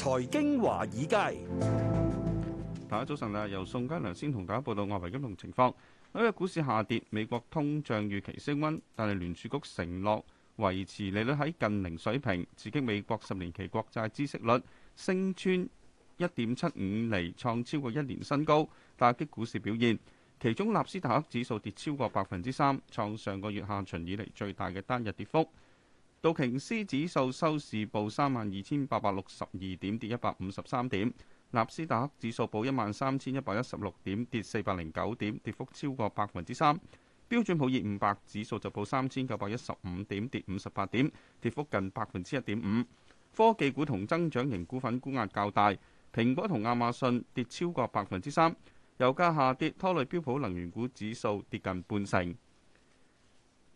財經華爾街，大家早晨啊！由宋嘉良先同大家報道外圍金融情況。紐約股市下跌，美國通脹預期升溫，但係聯儲局承諾維持利率喺近零水平，刺激美國十年期國債孳息率升穿一點七五厘，創超過一年新高，打擊股市表現。其中納斯達克指數跌超過百分之三，創上個月下旬以嚟最大嘅單日跌幅。道瓊斯指數收市報三萬二千八百六十二點，跌一百五十三點；納斯達克指數報一萬三千一百一十六點，跌四百零九點，跌幅超過百分之三。標準普爾五百指數就報三千九百一十五點，跌五十八點，跌幅近百分之一點五。科技股同增長型股份沽壓較大，蘋果同亞馬遜跌超過百分之三。油價下跌拖累標普能源股指數跌近半成。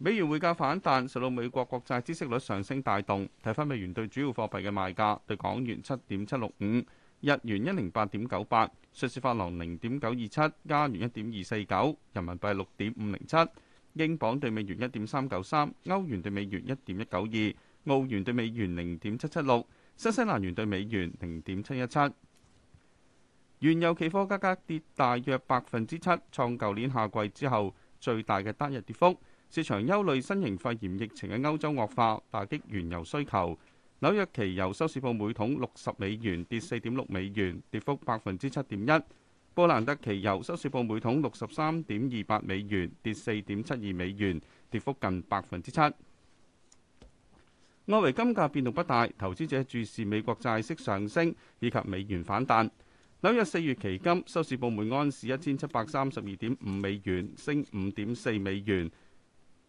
美元匯價反彈，受到美國國債孳息率上升帶動。睇返美元對主要貨幣嘅賣價，對港元七點七六五，日元一零八點九八，瑞士法郎零點九二七，加元一點二四九，人民幣六點五零七，英鎊對美元一點三九三，歐元對美元一點一九二，澳元對美元零點七七六，新西蘭元對美元零點七一七。原油期貨價格跌大約百分之七，創舊年夏季之後最大嘅單日跌幅。市場憂慮新型肺炎疫情嘅歐洲惡化，打擊原油需求。紐約期油收市報每桶六十美元，跌四點六美元，跌幅百分之七點一。布蘭特期油收市報每桶六十三點二八美元，跌四點七二美元，跌幅近百分之七。外圍金價變動不大，投資者注視美國債息上升以及美元反彈。紐約四月期金收市報每安士一千七百三十二點五美元，升五點四美元。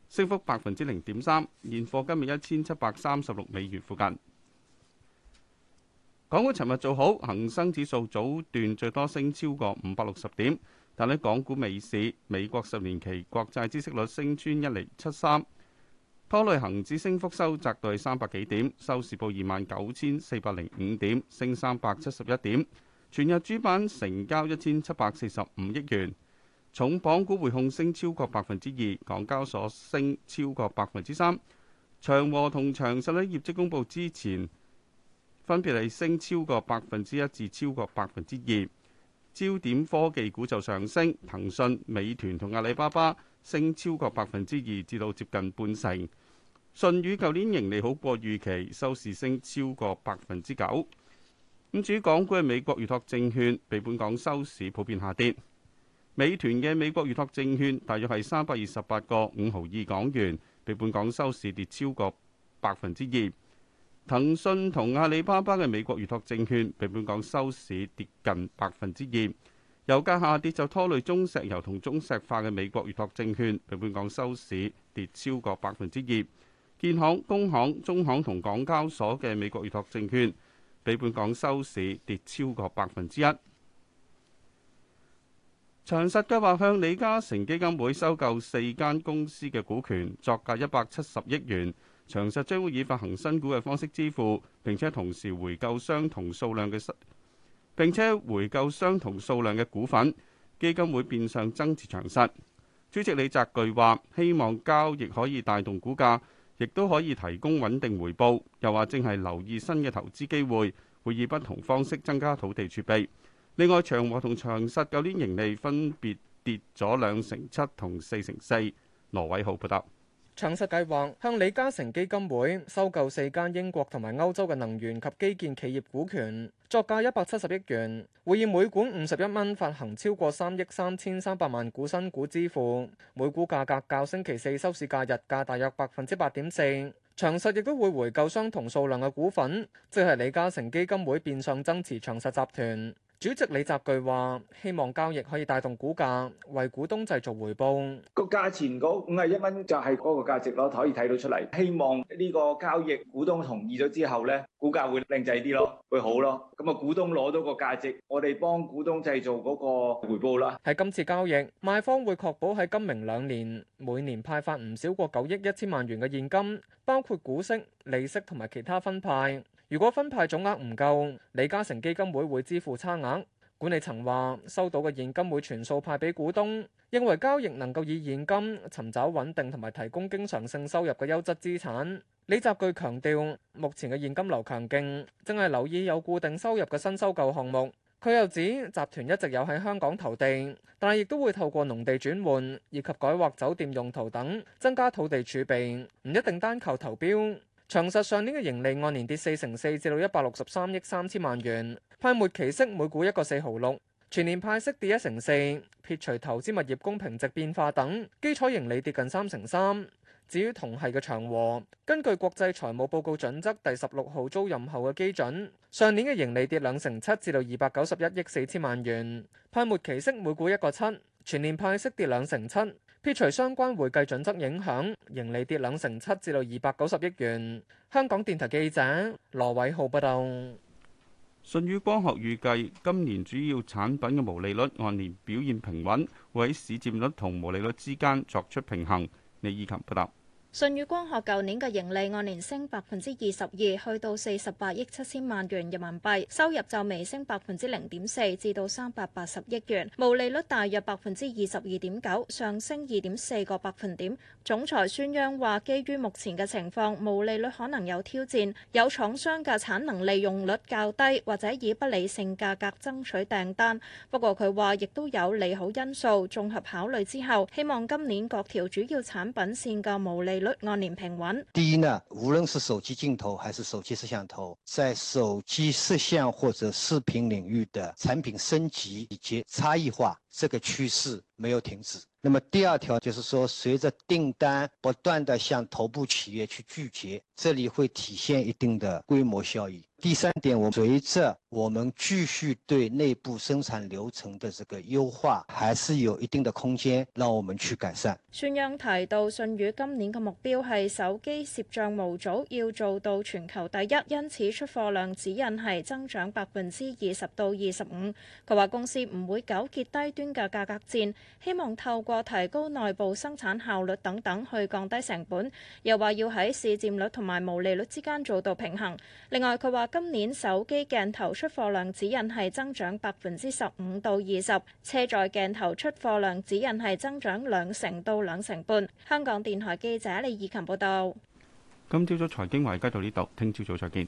升幅百分之零點三，現貨今日一千七百三十六美元附近。港股尋日做好，恒生指數早段最多升超過五百六十點，但喺港股尾市，美國十年期國債孳息率升穿一釐七三，拖累恒指升幅收窄到三百幾點，收市報二萬九千四百零五點，升三百七十一點。全日主板成交一千七百四十五億元。重榜股匯控升超過百分之二；港交所升超過百分之三。長和同長實喺業績公佈之前，分別係升超過百分之一至超過百分之二。焦點科技股就上升，騰訊、美團同阿里巴巴升超過百分之二至到接近半成。舜宇舊年盈利好過預期，收市升超過百分之九。咁至於港股嘅美國預託證券被本港收市普遍下跌。美團嘅美國預託證券大約係三百二十八個五毫二港元，比本港收市跌超過百分之二。騰訊同阿里巴巴嘅美國預託證券比本港收市跌近百分之二。油價下跌就拖累中石油同中石化嘅美國預託證券，比本港收市跌超過百分之二。建行、工行、中行同港交所嘅美國預託證券比本港收市跌超過百分之一。長實計劃向李嘉誠基金會收購四間公司嘅股權，作價一百七十億元。長實將會以發行新股嘅方式支付，並且同時回購相同數量嘅，並且回購相同數量嘅股份。基金會變相增持長實。主席李澤钜話：希望交易可以帶動股價，亦都可以提供穩定回報。又話正係留意新嘅投資機會，會以不同方式增加土地儲備。另外，長和同長實舊年盈利分別跌咗兩成七同四成四。羅偉浩報道：長實計劃向李嘉誠基金會收購四間英國同埋歐洲嘅能源及基建企業股權，作價一百七十億元。會以每股五十一蚊發行超過三億三千三百萬股新股，支付每股價格較星期四收市價日價大約百分之八點四。長實亦都會回購相同數量嘅股份，即係李嘉誠基金會變相增持長實集團。主席李澤钜話：希望交易可以帶動股價，為股東製造回報。個價錢高五十一蚊就係嗰個價值咯，可以睇到出嚟。希望呢個交易股東同意咗之後咧，股價會靚仔啲咯，會好咯。咁啊，股東攞到個價值，我哋幫股東製造嗰個回報啦。喺今次交易，賣方會確保喺今明兩年每年派發唔少過九億一千萬元嘅現金，包括股息、利息同埋其他分派。如果分派總額唔夠，李嘉誠基金會會支付差額。管理層話收到嘅現金會全數派俾股東，認為交易能夠以現金尋找穩定同埋提供經常性收入嘅優質資產。李澤钜強調，目前嘅現金流強勁，正係留意有固定收入嘅新收購項目。佢又指集團一直有喺香港投地，但係亦都會透過農地轉換以及改劃酒店用途等增加土地儲備，唔一定單靠投標。長實上年嘅盈利按年跌四成四，至到一百六十三億三千萬元，派末期息每股一個四毫六，全年派息跌一成四，撇除投資物業公平值變化等，基礎盈利跌近三成三。至於同係嘅長和，根據國際財務報告準則第十六號租賃後嘅基準，上年嘅盈利跌兩成七，至到二百九十一億四千萬元，派末期息每股一個七，全年派息跌兩成七。撇除相關會計準則影響，盈利跌兩成七，至到二百九十億元。香港電台記者羅偉浩報道。舜宇光學預計今年主要產品嘅毛利率按年表現平穩，會喺市佔率同毛利率之間作出平衡。李以琴報道。舜宇光學舊年嘅盈利按年升百分之二十二，去到四十八億七千萬元人民幣，收入就微升百分之零點四，至到三百八十億元，毛利率大約百分之二十二點九，上升二點四個百分點。總裁孫央話，基於目前嘅情況，毛利率可能有挑戰，有廠商嘅產能利用率較低，或者以不理性價格爭取訂單。不過佢話亦都有利好因素，綜合考慮之後，希望今年各條主要產品線嘅毛利率。第一呢，無論是手機鏡頭還是手機攝像頭，在手機攝像或者視頻領域的產品升級以及差異化，這個趨勢沒有停止。那麼第二條就是說，隨着訂單不斷的向頭部企業去聚集，這裏會體現一定的規模效應。第三點，我隨着我們繼續對內部生產流程的這個優化，還是有一定的空間讓我們去改善。孫央提到，信宇今年嘅目標係手機攝像模組要做到全球第一，因此出貨量指引係增長百分之二十到二十五。佢話公司唔會糾結低端嘅價格戰，希望透過提高內部生產效率等等去降低成本，又話要喺市占率同埋毛利率之間做到平衡。另外，佢話。今年手機鏡頭出貨量指引係增長百分之十五到二十，車載鏡頭出貨量指引係增長兩成到兩成半。香港電台記者李以琴報道。今朝早財經華爾街到呢度，聽朝早再見。